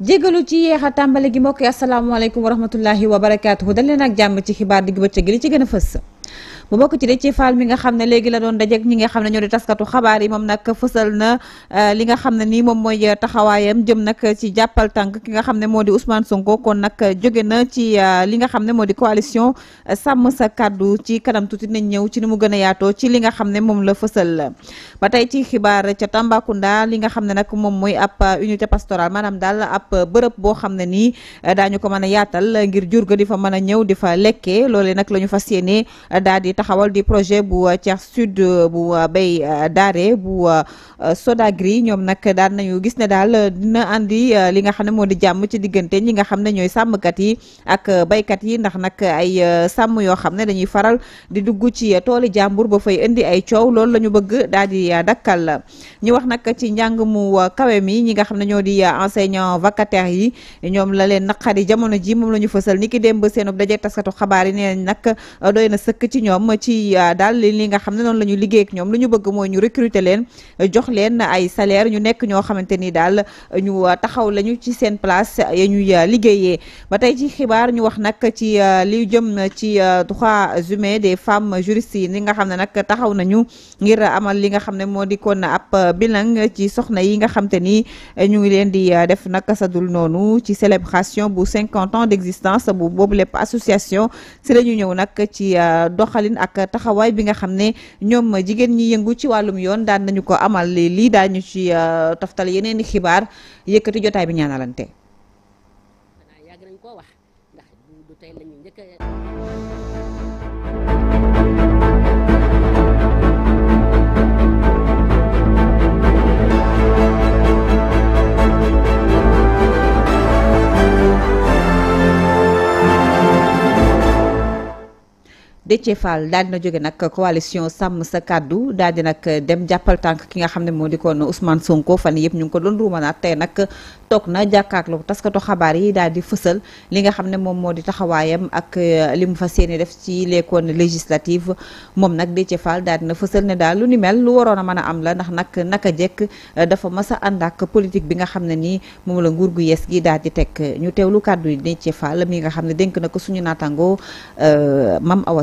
jégalu ci yéex a tàmbali gi mbokk yi asalaamaaleykum wa rahmatullahi wa barakaatuhu dal leen ak jàmm ci xibaar digg bëccëg li ci gën a fës. mu bokk ci Déthié Fall mi nga xam ne léegi la doon dajeek ñi nga xam ne ñoo di taskatu xabaar yi moom nag fësal na euh, li nga xam ne nii moom mooy euh, taxawaayam jëm nag ci jàppal tànk ki nga xam ne moo di Ousmane Sonko kon nag euh, jóge na ci li nga xam ne moo di coalition sàmm sa kàddu ci kanam tuuti nañ ñëw ci ni mu gën a yaatoo ci li nga xam ne moom la fësal la ba tey ci xibaar ca Tambacounda li nga xam ne nag moom mooy ab unité pastorale maanaam daal ab bërëb boo xam ne nii daañu ko mën a yaatal ngir jur ga di fa mën a ñëw di fa lekkee loolee nag la ñu fas yéene daal di taxawal di projet bu Thiès Sud bu Bay eh, Daare bu eh, Sodagri ñoom nag daan nañu gis ne daal dina andi eh, li nga xam ne moo di jàmm ci diggante ñi nga xam ne ñooy yi ak baykat yi ndax nak ay sàmm yo xam dañuy faral di dugg ci tooli jàmbur ba fay indi ay coow loolu la ñu bëgg daal dakal dakkal ñu wax nag ci njàng mu kawe mi ñi nga xam ñoo di enseignant vacataires yi ñoom la leen naqari jamono ji moom la ñu fësal ni ki démb taskatu xabaar yi nee nag na sëkk ci ñoom ci euh, daal li nga xam ne noonu la ñuy liggéey ak ñoom lu ñu bëgg mooy ñu recruter leen jox leen ay salaire ñu nekk ñoo xamante ni daal ñu euh, taxaw lañu ci seen place ya ñuy euh, liggéeyee ba tey ci xibaar ñu wax nag ci li jëm ci droits humains des femmes juristes yi li nga xam ne nag taxaw nañu ngir amal li nga xam ne moo di kon ab bilan ci soxna yi nga xam te ni ñu ngi leen di def nag sa noonu ci célébration bu cinquante ans d'existence bu boobu lépp doxalin ak taxawaay bi nga xam ne ñoom jigéen ñi yëngu ci wàllum yoon daan nañu ko amal lii daañu ci euh, toftal yeneen i xibaar yëkkati jotaay bi ñaanalante Déthié Fall daal dina jóge nag coalition sàmm sa kàddu daal di nag dem jàppal tànk ki nga xam ne moo di koon Ousmane Sonko fan yëpp ñu ngi ko doon ruumanaat tey nag toog na jàkkaarloo taskatu xabaar yi daal di fësal li nga xam ne moom moo di taxawaayam ak eh, li mu fa yéene def ci les kon législatives moom nag Déthié Fall daal dina fësal ne daal lu ni mel lu waroon a mën a am la ndax nak naka jekk eh, dafa mas a ànd ak politique bi nga xam ne nii moom la nguur gu yees gi daal di teg ñu teewlu kàddu yi Déthié Fall mi nga xam ne dénk na ko suñu naataangoo eh, Mame Awa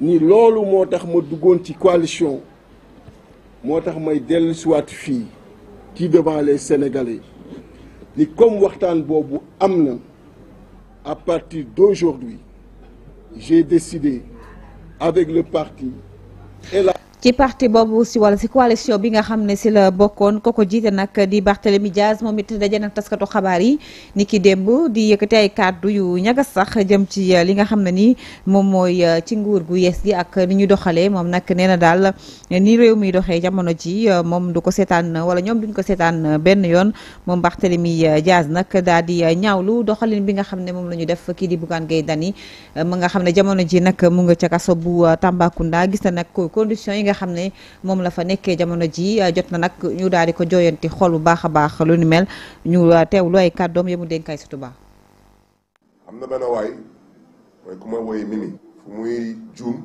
ni loolu motax ma dugon ci coalition motax may dellu fi, qui ci devant les Sénégalais ni comme waxtan Bobo am à partir d'aujourd'hui j'ai décidé avec le parti et la ci parti boobu si wala si coalition bi nga xam ne si la bokkoon koko jiite nag di Barthélemy Diaz moom it daje na taskatu xabaar yi ni ki di yëkkati ay kàddu yu ñagas sax jëm ci euh, li nga xam ni moom mooy euh, ci nguur gu yees gi ak ni ñu doxalee moom nag nee na daal ni réew mi doxee jamono ji euh, moom du ko seetaan wala ñoom duñ ko seetaan benn yoon moom Barthélemy Diaz nag daal di ñaawlu doxalin bi nga xam ne moom la ñu def kii di Bougane Gueye Dany nga xam jamono ji nag mu nga ca kaso bu Tambacounda gis na nag condition yi nga xam ne moom la fa nekkee jamono ji euh, jot na nag ñu daal di ko jooyanti xool bu baax a baax lu ni mel ñu euh, teewlu ay kàddoom yemu dénkaay si Touba. am na benn waay mooy ku ma wooyee Mimi fu muy juum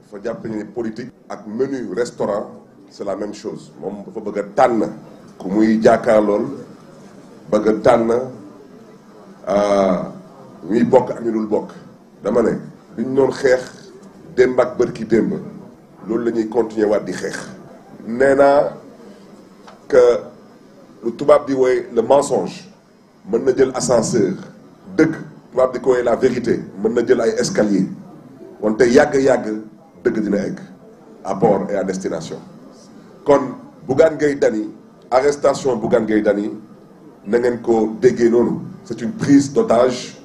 dafa jàpp ni politique ak menu restaurant c'est la même chose moom dafa bëgg tànn ku muy jàkkaarlool bëgg a tànn euh, ñuy bokk ak ñu dul bokk dama ne duñ doon xeex démb ak bërki démb loolu la ñuy continuer waat di xeex nee naa que lu tubaab di le mensonge mën na jël ascenseur dëgg tubaab di ko la vérité mën na jël ay escalier te yàgg-yàgg dëgg dina egg à port et à destination kon Bougane Gueye arrestation Bougane Gueye Dany na ngeen ko déggee noonu c'est une prise d'otage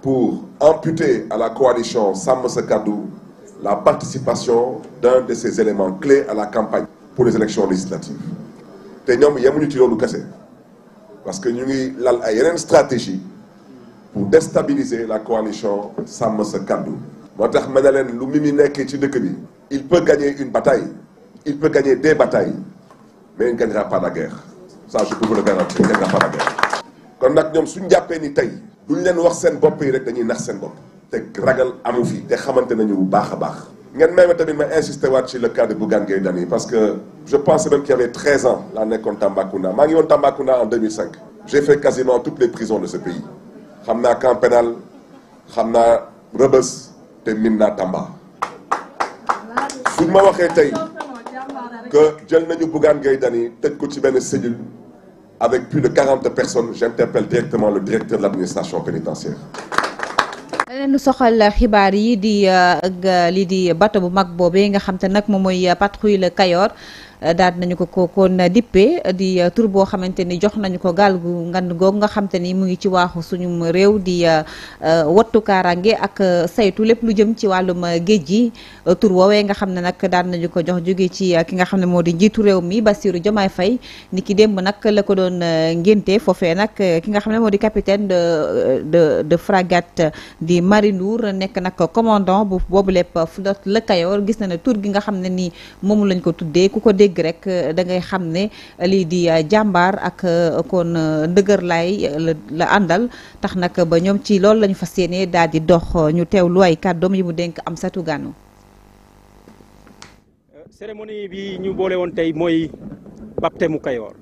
pour amputer à la coalition Sàmm Sa Kàddu la participation d'un de ces éléments clés à la campagne pour les élections législatives parce que nous, ngi une stratégie pour déstabiliser la coalition sans il peut gagner une bataille il peut gagner des batailles mais il ne gagnera pas la guerre ça je peux vous le garantir il ne gagnera pas la guerre te ragal amu fi te xamante nañu bu baax a baax ngeen may ma tamit ma insisté le cas de Bougane Gueye parce que je pense même qu'il y avait 13 ans l'année nekkoon Tambacounda maa ngi woon Tambacounda en 2005 j'ai fait quasiment toutes les prisons de ce pays xam naa camp pénal xam naa Rebeuss te min naa Tamba suñ ma waxee tey que jël nañu Bougane Gueye Dany tëj ko ci benn cellule avec plus de 40 personnes j'interpelle directement le directeur de l'administration pénitentiaire leneen soxal xibaar yi di lii di bato bu mag bobé nga xamanté nak nag moy mooy patrouille Kayor daal nañu ko ko kon dippee di euh, tur boo xamante ni jox nañu ko gaal gu ngand googu nga xam te ni mu ngi ci waaxu suñum réew di euh, euh, wattu kaaraange ak saytu lépp lu jëm ci wàllum géej gi tur woowee nga xam ne nag daan nañu ko jox jóge ci ki nga xam ne moo di njiitu réew mi Bassirou Diomaye Faye ni ki démb nag la ko doon ngénte foofee nag ki nga xam ne moo di capitaine de de de frégate di Marie Ndour nekk nag commandant bu boobu lépp flotte la Kayor gis na ne tur gi nga xam ne nii moom lañ ko tuddee ku ko dégg dégg rek euh, da ngay xam ne euh, lii di euh, jàmbaar ak kon ndëgër laay la àndal tax nag ba ñoom ci loolu la ñu fas yéene daal di dox ñu teew lu ay kàddoom yi mu dénk am satu gànnu cérémonie bi ñu boole woon tey mooy baptême mu Kayoor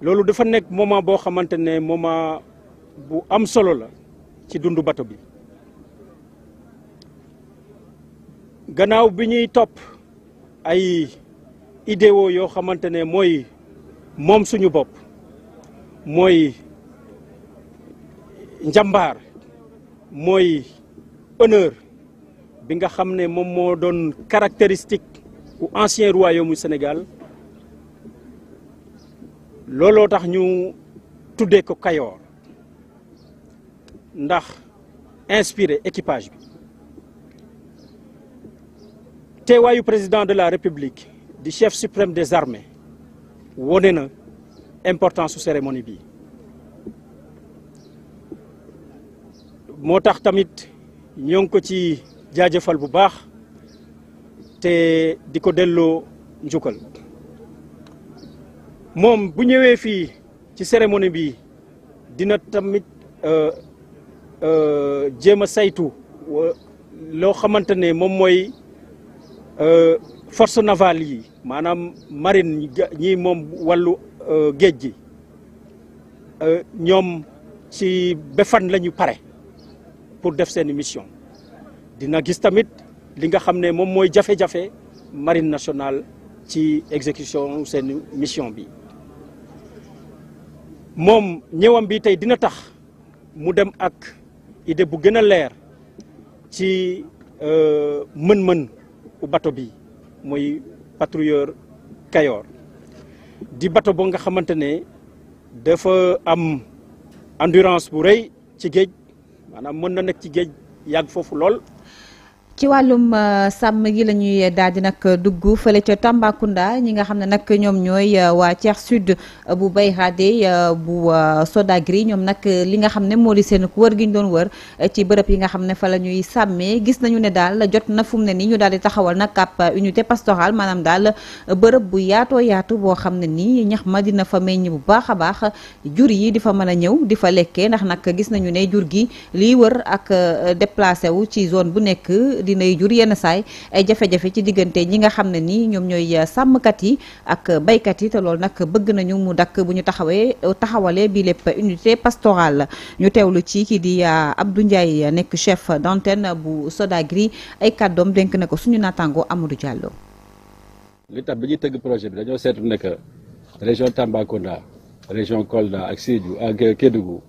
loolu dafa nekk moment boo xamante ne moment bu am solo la ci dundu bato bi gannaaw bi ñuy topp ay idéo yo, xamantene ne mom suñu bop moy njambar moy honneur bi nga xamné mom mo moo caractéristique ou ancien royaume du Sénégal lolo tax ñu tuddee ko kayor ndax inspiré équipage bi teewaayu président de la république du chef suprême des armées wone important importance cérémonie bi moo tamit ñoo ngi ko ci jaajëfal bu baax te di ko delloo njukkal bu ci cérémonie bi dina tamit euh, euh, jéem a saytu euh, loo xamante ne euh, force navale yi marine ñi walu wàllu euh, géej gi euh, ñom ci befan lañu paré pare pour def sen mission dina gis tamit li nga xamné mom moy jafé jafé marine nationale ci exécution sen mission bi Mom ñewam bi tay dina tax mu dem ak idée bu gëna lèr ci ci mën-mën bateau bi muy patrouilleur Kayor di bateau bo nga dafa am endurance bu rëy ci géej manam mën na nek ci géej yag fofu lol ci wàllum euh, sàmm gi la ñuy daal di nag dugg fële ca Tambacounda ñi nga xam ne nag ñoom ñooy euh, waa ceex Sud euh, bu Bayradé bu Sodagri ñoom nag li nga xam ne moo di seen ko wër gi ñu doon wër ci bërëb yi nga xam ne fa la ñuy sàmmee gis nañu ne daal jot na fu mu ne nii ñu daal di taxawal nag ab unité pastorale maanaam daal bërëb bu yaatoo yaatu boo xam ne nii ñax ma dina fa meññ bu baax a baax jur yi di fa mën a ñëw di fa lekkee ndax nag gis nañu ne jur gi liy wër ak déplacé wu ci zone bu nekk dinay jur yenn saay ay jafe-jafe ci diggante ñi nga xam ne ni ñoom ñooy euh, sàmmkat yi ak baykat yi te loolu nag bëgg nañu mu dakk bu ñu taxawee taxawale bi lépp unité pastorale ñu teew lu ci kii di euh, Abdou Ndiaye nekk chef d'antenne bu Sodagri ay kàddoom denk na ko suñu naataangoo Amadou Diallo. li tax bi ñuy tëgg projet bi dañoo seetu ne que région Tambacounda région Kolda ak Sédhiou ak Kédougou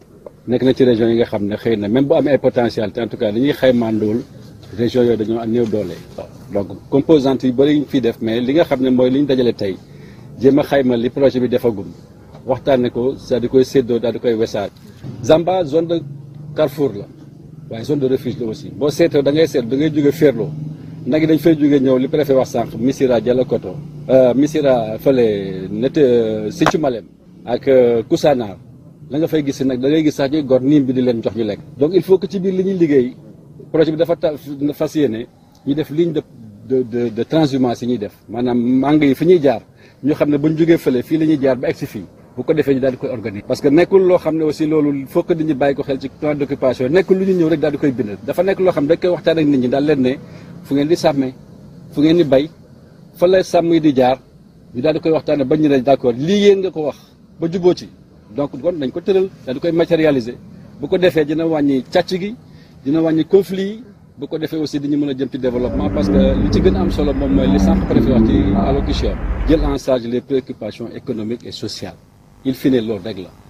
nekk na ci région yi nga xam ne xëy na même bu amee ay potentialité en tout cas dañuy xaymaandool régions yooyu dañoo am néew doole. donc composante yi bëri ñu fi def mais li nga xam ne mooy li ñu dajale tey jéem a xayma li projet bi defagum waxtaane ko c'est di koy séddoo daal di koy wesaar. Zamba zone de carrefour la waaye zone de refuge la aussi boo seetoo da ngay seet da ngay jóge Ferlo nag dañ fay jóge ñëw li préfet wax sànq Missirah koto euh, Missirah fële net euh, Sinthiou Malem ak euh, Koussanar la nga fay gis nag da ngay gis sax ñuy gor niim bi di leen jox ñu lekk. donc il faut que ci biir li ñuy liggéey. projet bi dafa fas yéene ñu def ligne de de de de transhumance yi ñuy def maanaam màng yi fi ñuy jaar ñu xam ne buñ jógee fële fii la ñuy jaar ba si fii bu ko defee ñu daal di koy organiser. que nekkul loo xam ne aussi loolu faut que nit ñi bàyyi ko xel ci plan d'occupation nekkul lu di koy bind dafa nekk leen ne fu ngeen di sàmmee fu ngeen di bay fa la sàmm yi di jaar ñu daal di koy waxtaane ba ñu ne d'accord lii yéen nga ko wax ba jubóo ci donc kon dañ ko tëral daal di koy matérialiser bu ko defee dina wàññi càcc gi dina wàññi conflit bu ko defee aussi dañu mën a jëm ci développement parce que li ci gën a am solo moom mooy li sànq préfet wax ci allocution jël en charge les préoccupations économiques et sociales il finit leur règle. la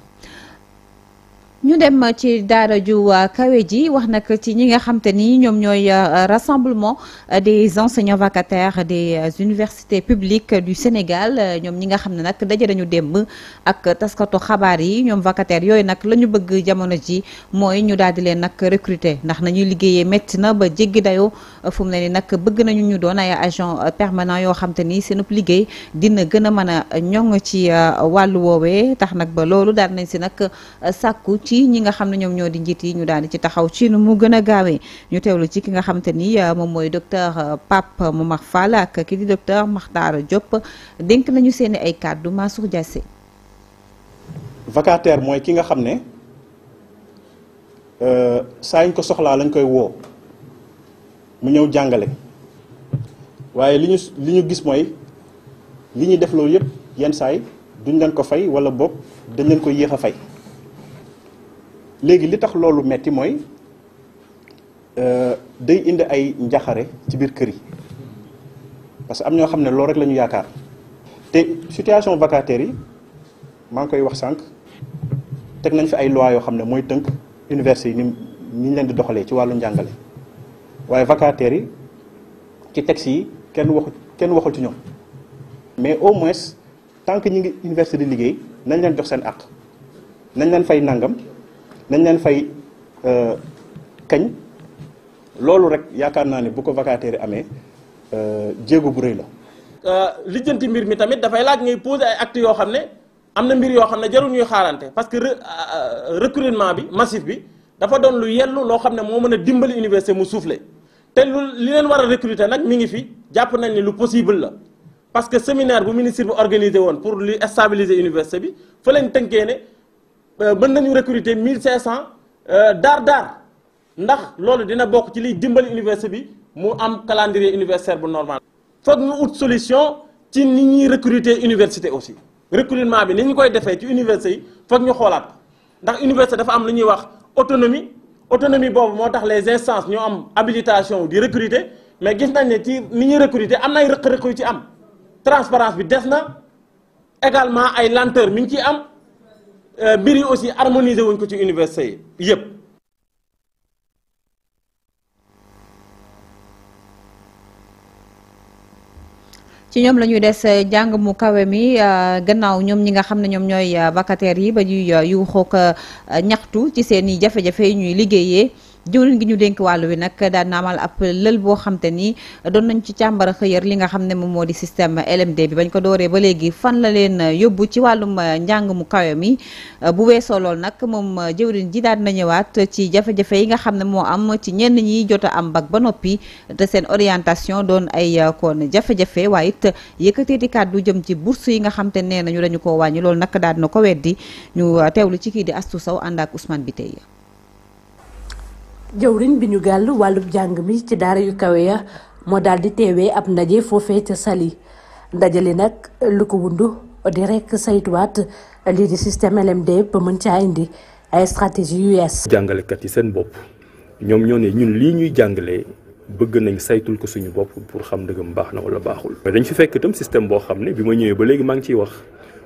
ñu dem ci daara ju euh, kaweji wax nak ci ñi nga xamanteni ñom ñoy euh, rassemblement euh, des enseignants vacataires des universités publiques du Sénégal ñom ñi nga xamne nak dajé dañu dem ak taskatu xabar yi ñom vacataires yoy nak lañu bëgg jamono ji moy ñu daal di leen nak recruter ndax nañu liggéeyee metti na ba jéggi dayo fu mu ne ni bëgg nañu ñu doon ay agent permanent yo xamanteni te liggéey dina gëna mëna ñong ci walu wowe tax nak ba lolu daal nañ ci nak sakku ci ci ñi nga xam ne ñoom ñoo di njiit yi ñu daan di ci taxaw ci nu mu gën a gaawee ñu teewlu ci ki nga xam ni euh, moom mooy docteur euh, Pape Momar Fall ak ki di docteur Makhtar Diop dénk nañu seeni ay kàddu Mansour Diassé vacataire mooy ki nga xam ne euh, saa ñu ko soxlaa lañ koy woo mu ñëw jàngale waaye li ñu li ñu gis mooy li ñuy def loolu yëpp yenn saay duñ leen ko fay wala boog dañ leen ko yéex a fay léegi li tax loolu metti mooy euh, day indi ay njaxare ci biir kër yi parce que am ñoo xam ne loolu rek la ñu yaakaar te situation vacataires yi maa ngi koy wax sànq teg nañ fi ay loi yoo xam ne mooy tënk université yi ni ñu leen di doxalee ci wàllu njàngale waaye vacataires yi ci texte yi kenn waxu kenn waxul ci ñoom mais au moins tant que ñi ngi université di liggéey nañ leen jox seen àq nañ leen fay nangam. nañ leen fay euh, kañ loolu rek yaakaar naa ne bu ko vacataire amee euh, jéego bu rëy la. Euh, lijjanti mbir mi tamit dafay laaj ngay poser ay act yoo xam ne am na mbir yoo xam ne jarul xaarante parce que recrutement bi massif bi dafa doon lu yellu loo xam ne moo mën a dimbali université mu suuf le te lu li leen war a recruter nag mi ngi fi jàpp nañ ni lu possible la parce que séminaire bu ministre bi organisé woon pour li stabiliser université bi fa lañ tënkee ne. Euh, mën nañu recruter 1500 euh, dar daar ndax lolu dina bok ci li dimbali université bi mu am calendrier universitaire bu normal. foog ñu autre solution ci ni ñuy recruter université aussi recrutement bi ni ñu koy défé ci université yi foog ñu xolat ndax université dafa am lu ñuy wax autonomie autonomie bobu motax les instances ñu am habilitation di recruter mais gis nañ ne ci ni ñuy recruter am nay rek rek yu ci am transparence bi des na également ay lenteur mi ngi am. Euh, mbir yi aussi harmoniser wuñ ko ci université yi yëpp. ci ñoom la ñuy des euh, jàng mu kawe mi euh, gannaaw ñoom ñi nga xam ne ñoom ñooy vacataires yi ba ñuy yuuxook ñaxtu ci seen i jafe-jafe yi ñuy liggéeyee. jëwriñ gi ñu dénk wàllu wi nag daan na amal ab lël boo xam te ni doon nañ ci càmbara xëyër li nga xam ne moom moo di système LMD bi bañ ko dooree ba léegi fan la leen yóbbu ci wàllum njàng mu kawe mi bu weesoo lool nag moom jëwriñ ji daan na ñëwaat ci jafe-jafe yi nga xam ne moo am ci ñenn ñi jot a am mbag ba noppi te seen orientation doon ay kon jafe-jafe waaye it yëkkateeti kàddu jëm ci bourse yi nga xam te nee nañu dañu ko wàññi lool nag daan na ko weddi ñu teewlu ci kii di Astou Sow ànd ak Ousmane Biteye jëwriñ bi ñu gàll wàllub jàng mi ci daar yu kawe ya moo daal di teewee ab ndaje foofee ca ndaje li nag lu ko wundu di rek saytuwaat lii di système LMD ba mën caa indi ay stratégie yu yees. jàngalekat yi seen bopp ñoom ñoo ne ñun lii ñuy jàngalee bëgg nañ saytul ko suñu bopp pour xam ndëgëm baax na wala baaxul. dañ fi fekk itam système boo xam ne bi ma ñëwee ba léegi maa ngi ciy wax.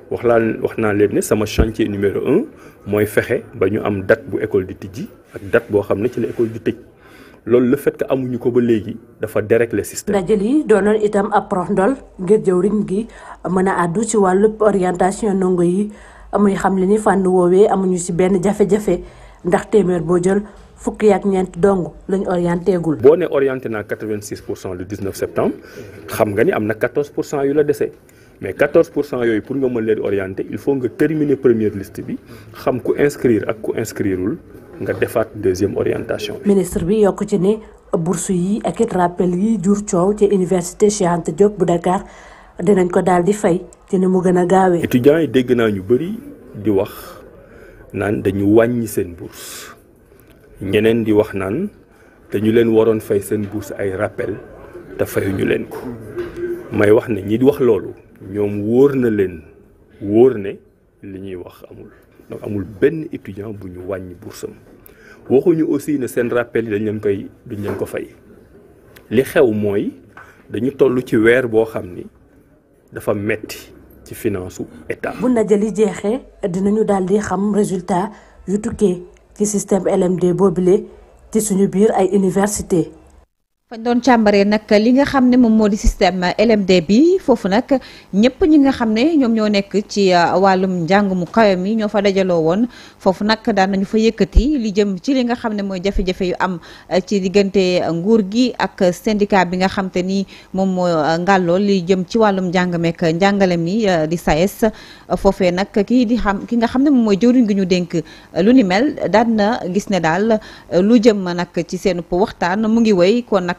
wax laa wax naa sama chantier numéro 1 moy fexé ba ñu am date bu école di tijji ak date bo xamné ci l'école école di tëj loolu le fait que amuñu ko ba légui dafa dérégler système. ndaje lii itam ab proxndol ngir jëwriñ gi mën addu ci wàllu orientation nongo yi muy xam li ni fànn woowee amuñu ci ben jafé jafé ndax témèr bo jël fukki ak ñent dong lañ orienté gul. bo né orienté na 86 le 19 septembre xam nga ni amna 14 yu la déssé mais 14 yoy pour nga mën leen orienter il faut nga terminer première liste bi xam ku inscrire ak ku inscrirewul nga defaat deuxième orientation bi. ministre bi yokk ci ne bourse yi ak it rappel yi jur coow ci université Cheikh Anta Diop bu Dakar dinañ ko daal di fay ci ni mu gën a gaawee. étudiants yi dégg naa ñu bëri di wax naan dañu wàññi seen bourse ñeneen di wax naan dañu leen waroon fay seen bourse ay rappel te fayuñu leen ko may wax ne ñi di wax loolu ñoom wóor na leen wóor ne li ñuy wax amul donc amul benn étudiant bu ñu wàññi boursam waxuñu aussi ne rappel dañ leen koy duñ leen ko fay li xew mooy dañu toll ci weer boo xam dafa metti ci finance état. bu jeexee dinañu résultat yu système LMD boobule ci suñu université fañ doon càmbaree nag li nga xam ne moom moo di système LMD bi foofu nag ñëpp ñi nga xam ne ñoom ñoo nekk ci uh, wàllum njàng mu kawe mi ñoo fa dajaloo woon foofu nag daan nañu fa yëkkati li jëm ci li nga xam ne mooy jafe yu am uh, ci diggante uh, nguur gi ak syndicat bi nga xam ni moom moo ngàlloo li jëm ci wàllum njàng meek njàngale mi di SAES foofee nag kii di xam ki nga xam ne moom mooy jëwriñ gi ñu dénk lu ni mel daan na gis ne daal lu jëm nag ci seen waxtaan mu ngi woy kon nag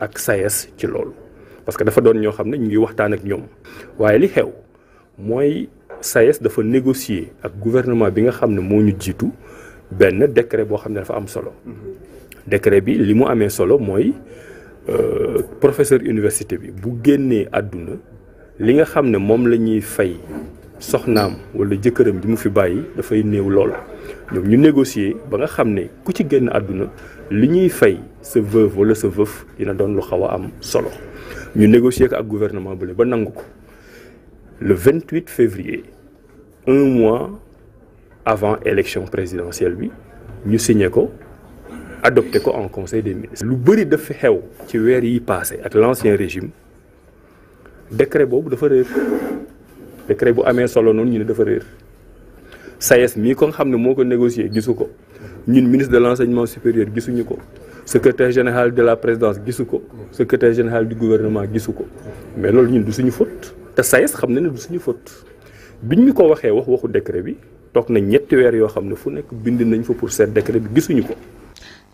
ak SAES ci loolu parce que dafa doon ñoo xam ne ñu ngi waxtaan ak ñoom waaye li xew mooy SAES dafa négocier ak gouvernement bi nga xam ne moo ñu jiitu benn décret boo xam ne dafa am solo mhm. décret bi li mu amee solo mooy euh, professeur université bi bu génnee àdduna li nga xam ne moom la ñuy fay soxnaam wala jëkkëram bi mu fi bàyyi dafay néew lool ñoom ñu négocier ba nga xam ne ku ci génn àdduna li ñuy fay sa veuve wala sa veuf dina doon lu xaw a am solo ñu négocier ko ak gouvernement bële ba nangu ko le 28 février un mois avant élection présidentielle bi ñu signé ko adopté ko en conseil des ministres. lu bëri dafa xew ci weer yi passé ak l'ancien régime décret boobu dafa réer décret bu amee solo noonu ñu ne dafa réer sayes e mii ko nga xam ne moo ko négocier, gisu ko ñun ministre de l'Enseignement supérieur gisuñu ko secrétaire général de la présidence gisu ko secrétaire général du gouvernement gisu ko mais loolu ñun du suñu faute té SAES xam na du suñu faute biñ ñu ko waxee wax waxu décret bi tok na ñetti wër yo xam ne fu nek bind nañ fa pour cette décret bi gisuñu ko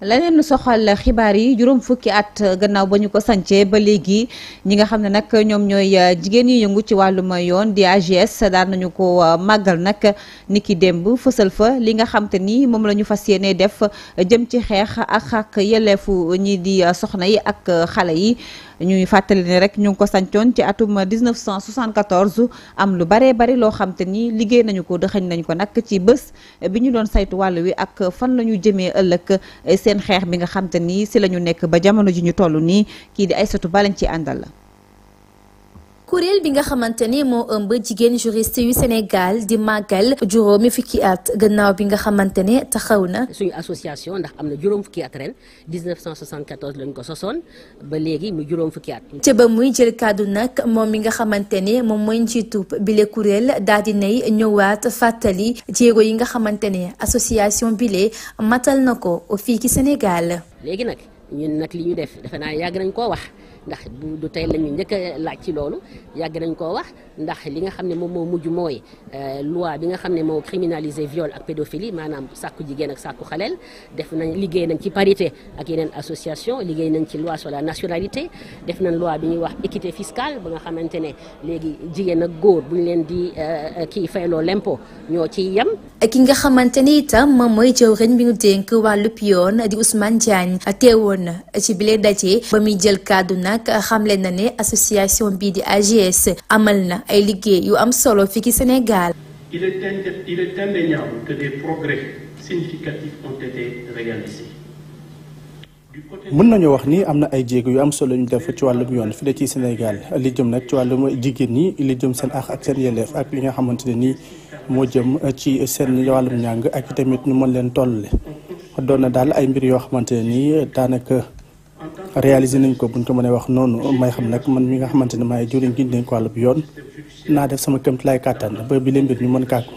leneen soxal xibaar yi juróom fukki at gannaaw ba ñu ko sancee ba léegi ñi nga xam ne nag ñoom ñooy euh, jigéen yi yëngu ci wàllum yoon di AGS daan nañu ko euh, màggal nag niki démb fësal fa li nga xam te ni moom la ñu fas yéene def jëm ci xeex ak ak yelleefu ñi di euh, soxna yi ak xale yi ñuy fàttali ne rek ñu ngi ko sancoon ci atum 1974 am lu baree bari loo xam nii liggéey nañu ko dëxëñ nañu ko nag ci bés bi ñu doon saytu wàll wi ak fan la ñu jëmee ëllëg seen xeex bi nga xam nii si la ñu nekk ba jamono ji ñu toll nii kii di Aïssatou Ba lañ ci àndal la kuréel bi nga xamante ni moo ëmb jigéen juriste yu Sénégal di màggal juróomi fukki at gannaaw bi nga xamante ne taxaw na. suñu association ndax am na juróom fukki at ren 1974 lañ ko sosoon ba léegi mu juróom fukki at. te ba muy jël kàddu nag moom mi nga xamante ne moom mooy njiitu bile kuréel daal di nay ñëwaat fàttali jéego yi nga xamante ne association bile matal na ko fii ci Sénégal. léegi nag ñun nag li ñu def defe naa yàgg nañ koo wax. ndax du tay la ñu njëkk a laaj ci loolu yàgg nañ ko wax ndax li nga xam ne moom moo mujj mooy euh, loi bi nga xam ne moo criminalisé viol ak pédophilie maanaam sàkku jigéen ak sàkku xaleel def nañ liggéey nañ ci parité ak yeneen association liggéey nañ ci loi sur la nationalité def nañ loi bi ñuy wax équité fiscale ba nga xamante ne léegi jigéen ak góor bu ñu leen di euh, kii fayloo lempo ñoo ci yem ki nga xamante ni itam moom mooy jëwriñ bi ñu dénk wàllub yoon di Ousmane Diagne teewoon na ci bile daje ba muy jël kàddu nag xamle na ne association bii di AGS amal na ay liggéey yu am solo fii ci mën nañu wax nii am na ay jéego yu am solo ñu def ci wàllum yoon fi de ci Sénégal li jëm nag ci wàllu jigéen ñi li jëm seen aax ak seen yelleef ak li nga xamante ne nii moo jëm ci seen wàllum njàng ak i tamit ñu mën leen tollale doon na daal ay mbir yoo xamante ne nii daanaka réalisé nañ ko buñ ko mënee wax noonu may xam nag man mi nga xamante ne maay jëriñ gi nañ ko wàllum yoon naa def sama kéemtulaay kàttan ba bi leen mbir ñu mën kàkku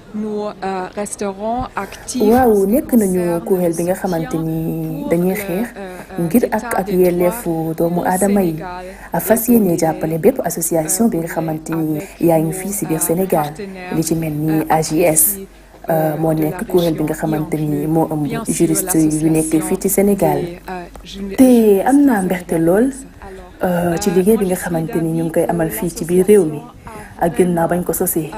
Euh, waaw nekk nañu kuréel bi nga xamante ni dañuy xeex euh, euh, ngir ak ak yelleefu doomu aadama yi a fas yéene jàppale bépp association bi nga xamante ni yaa ngi fii si biir Sénégal li ci mel ni AJS moo nekk kuréel bi nga xamante ni moo ëmb juriste yu nekk fii ci Sénégal te am na mbexte lool ci liggéey bi nga xamante ni ñu ngi koy amal fii ci biir réew mi ak gën naa bañ ko sosee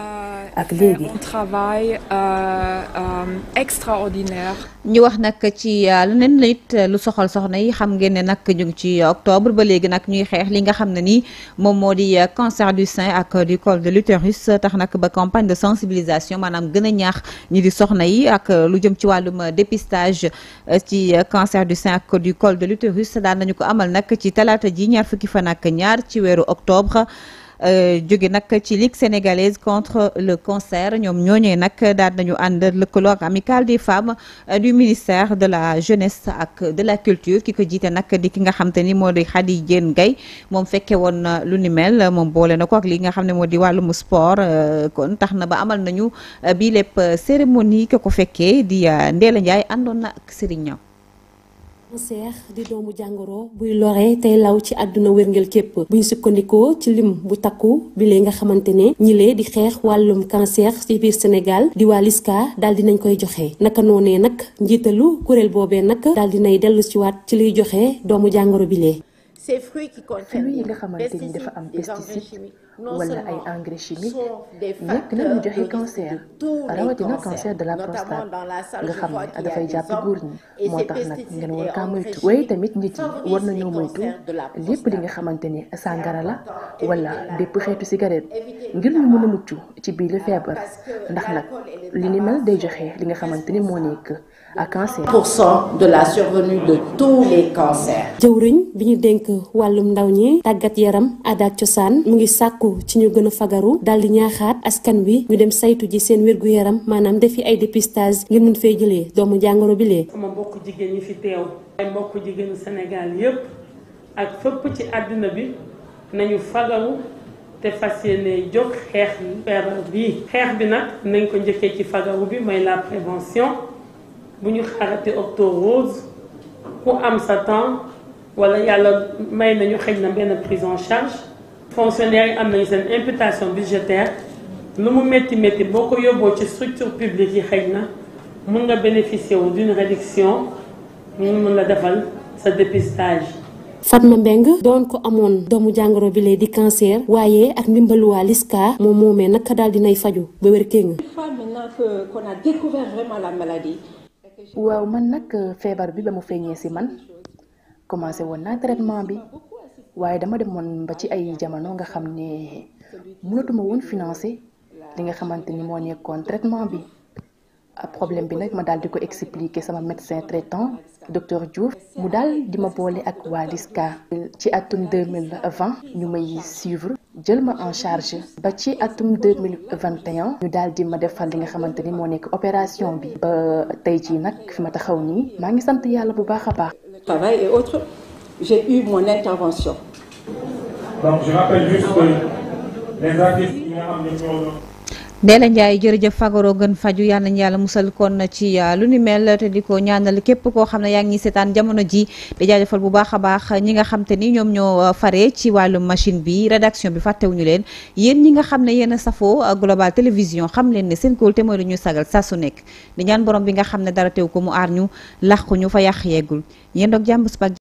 ak léegi. un travail euh, euh, extraordinaire. ñu wax nag ci euh, leneen la it lu soxal soxna yi xam ngeen ne nag ñu ngi ci octobre ba léegi nag ñuy xeex li nga xam ne ni moom moo di euh, cancer du sein ak du col de l'utérus tax nag ba campagne de sensibilisation maanaam gën a ñaax ñi di soxna yi ak lu jëm ci wàllum dépistage euh, ci cancer du sein ak du col de l'utérus daan nañu ko amal nag ci talaata ji ñaar fukki fan ak ñaar ci weeru octobre. Euh, jóge nak ci ligue sénégalaise contre le cancer ñom ñooñee nak daal nañu ànd le colloque amical des femmes euh, du ministère de la jeunesse ak de la culture ki ko jiite nak di ki nga xam te ni Diène Gaye mom fekke won lu mel mom bolé na ak li nga xamné ne moo di sport euh, kon taxna ba amal nañu bi lépp cérémonie ko ko di Ndéla ñay andon na Serigne cancer di doomu jàngoro buy lore tey law ci àdduna wérngel képp buñ sukkandikoo ci lim bu takku bi lee nga xamante ne ñi lee di xeex wàllum cancer ci biir senegal di waa Liska daal dinañ koy joxe naka noonee nag njiitalu kuréel boobee nag daal nay dellu ci ci liy joxe doomu jàngoro bi lee. ces fruits wala ay engrais chimique nekk na lu joxe cancer rawatina cancer de la prostate nga xam ne dafay jàpp góor ñi moo tax nag ngeen war kaa moytu waaye tamit nit ñi war nañoo moytu lépp li nga xamante ni sàngara la wala bépp xeetu cigarette ngir ñu mën a ci biir feebar ndax nag li ni mel day joxe li nga xamante ni moo nekk à cancer. pour de la survenue de tous les cancers. jëwriñ biñu denk walum wàllum tagat yaram adak ciosan mu ngi sakku ci ñu gëna a fagaru daal di ñaaxaat askan wi ñu dem saytu ji seen wérgu yaram maanaam defi ay dépistage ngir ñu fay jëlé doomu jangoro bi lé sama bokk jigeen yi fi tew ay mbokk jigeen Sénégal yépp ak fépp ci aduna bi nañu fagaru. te fas yéene jóg xeex feebar bi xeex bi nak nañ ko njëkkee ci fagaru bi may la prévention buñu ñu octobre rose ku am sa temps wala yàlla may nañu xëj na benn prise en charge fonctionnaires yi am nañu seen imputation budgétaire lu mu métti métti boo ko yóbboo ci structure publique yi xëj na mun nga bénéficier wu d'une réduction mu mun la defal sa dépistage. Fatma Mbeng doon ko amoon doomu jàngoro bi lay di cancer waaye ak ndimbalu waa Liska moom moomee naka daal dinay faju ba wér-kii nga. une fois maintenant qu'on a découvert vraiment la maladie waaw man nag euh, feebar bi ba mu feeñee ci man commencé woon naa traitement bi waaye dama demoon ba ci ay jamono nga xam ne mënatuma woon financé li nga xamante ni moo nekkoon traitement bi a ah, problème bi nag ma daal di ko expliquer sama médecin traitant docteur Diouf mu daal di ma boole ak waa LISCA ci atum 2020 ñu may suivre jël ma en charge ba ci atum 2021 ñu d'aldi ma defal li nga xamanteni mo nek opération bi ba tay ci nak fi ma taxaw ni ma ngi sant yalla bu baax baax. travail et autres j'ai eu mon intervention. donc je rappelle juste les artistes qui nga xam Ndella Ndiaye jërëjëf fagaroo gën faju yal nañu yàlla musal kon ci ah, lu ni mel te di ko ñaanal képp koo xam ne yaa ngi seetaan jamono ji di jaajëfal bu baax a baax ñi nga xam te ni ñoom ñoo ah, fare ci wàllu machine bi rédaction bi fàttewuñu leen yéen ñi nga xam ne yéen a safoo ah, global télévision xam leen ne seen kóol te mooy lu ñu sagal saa su nekk di ñaan borom bi nga xam ne dara teew ko mu aar ñu làqu ñu fa yàq yeggul yéen doog jàmm